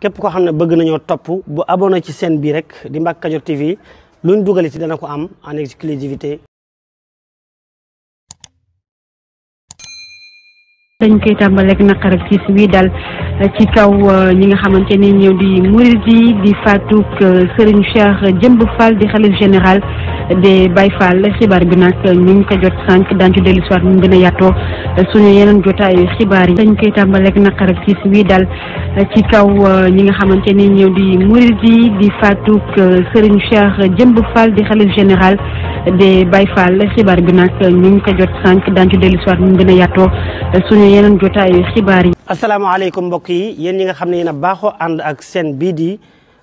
képp koo xam ne bëgg nañoo topp bu abonné ci seen bii rek di Mbacke Kadior TV luñ dugal ci dana ko am en exclusivité dañ koy tàmbaleeg naqar ak tiis wi dal ci kaw euh, ñi nga xamante ni ñëw di murid yi di fatuk euh, Serigne Cheikh Jëmb Fall di xalif général des Baye Fall xibaar bi nag ñu ngi ko jot sànq daan ci dellu soir mu gën a yaatoo suñu yeneen jotaayu xibaar yi dañ koy tàmbaleeg naqar ak tiis wii dal ci kaw euh, ñi nga xamante ni ñëw di murid di fatuk euh, Serigne Cheikh Jëmb Fall di xalif général des Baye Fall xibaar bi nag ñu ngi ko jot sànq daan ci dellu soir mu gën a yaatoo suñu yeneen jotaayu xibaar yi asalaamaaleykum mbokk yi yéen ñi nga xam ne yéen a baaxoo ànd ak seen bii